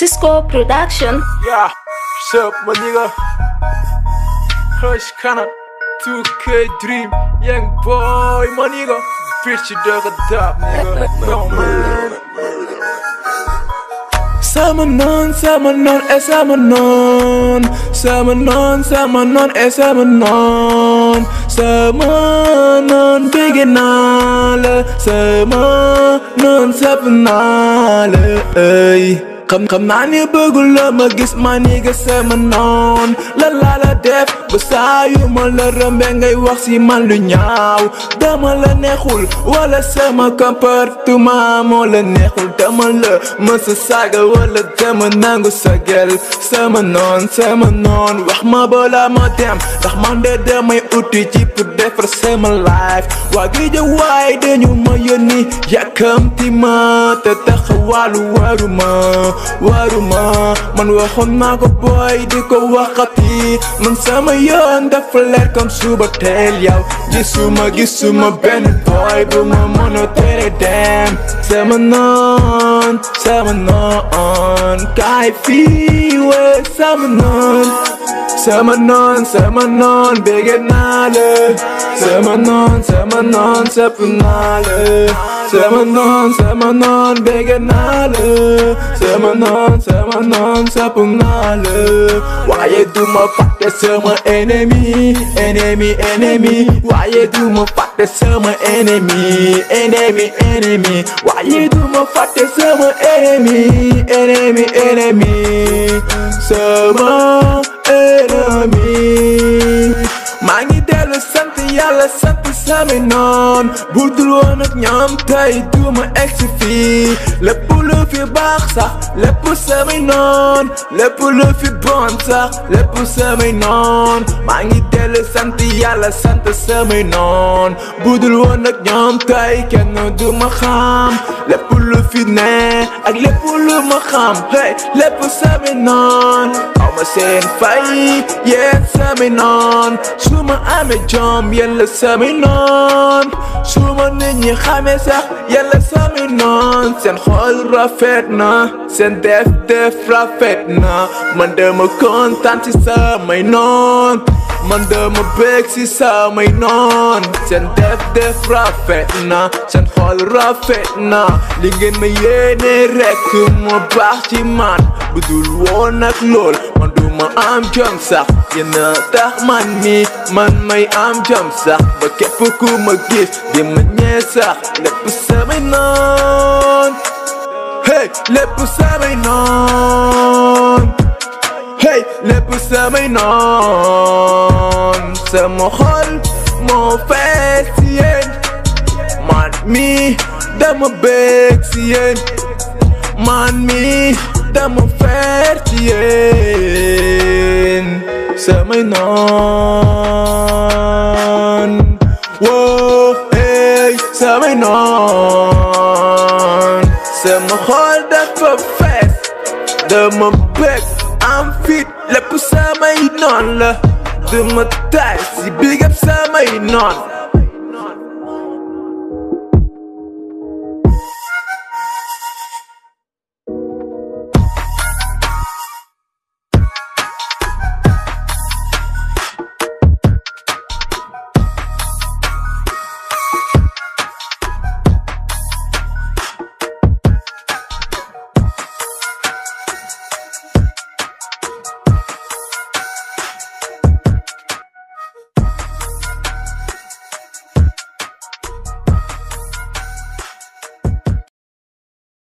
Cisco Production. Yeah, what's up, my nigga? Hush, kinda 2K Dream, young boy, my nigga. Bitch, you dug a dab, nigga. No, man. Sama non, sama non, eh, sama non. Sama non, sama non, eh, sama non. Sama non, big nala. Sama non, sama nala, eh. xam xam naa ni bëggul la ma gis ma ni nga noon lan laa def ba saa yu ma la rëmbe ngay wax si man lu ñaaw dama la neexul wala sama comportement moo la neexul dama la mës a saaga wala dama nangu sa gel noon sama noon wax ma balaa ma dem ndax damay uti ci pour defar sama life waa gi jë waay dañu ma yónni yàkkamti ma te taxawaalu waru ma waruma man waxoon naa ko booy ko waxati man sama yoon dafa leer comme suba teel yow gisuma gisuma benn booy bu ma mën a dem sama noon sama noon kaay fii wee sama noon sama noon sama noon sama noon sama noon sëpp naa sama noon sama noon bëgg naa sama noon sama noon sapu naa la waaye du ma fàtte sama ennemi ennemi ennemi waaye du ma fàtte sama ennemi ennemi ennemi sama ennemi ennemi ennemi sama yàlla sant sami noon bu dul woon ak ñoom tey duma egsi fii lu fi baax sax lépp sami noon lépp lu fi bon sax lépp sami noon maa ngi dellu sant yàlla sant sami noon bu dul woon lu fi ne ak lépp lu ma xam hey lépp sami noon aw ma seen fay yéen sami noon su ma amee jom yéen la sami su ma nit ñi xamee sax yéen la seen xool rafet na seen def def rafet man dama kontaan ci samay man dama bëgg si samay noon seen def def rafet na seen xool rafet na li ngeen ma yéene rekk moo baax ci man bu dul woon lool man du ma am jom sax yéen a tax man mi man may am jom sax ba képp ku ma gis di ma ñee sax lépp samay noon hey lépp samay noon tey lépp samay noon sama xol moo fees si yéen man mi dama bëgg si yéen man mi dama feer ci yéen samay noon woo hey samay noon sama xol dafa fees dama bëgg am fit lépp samay noon la duma taay si big up samay noon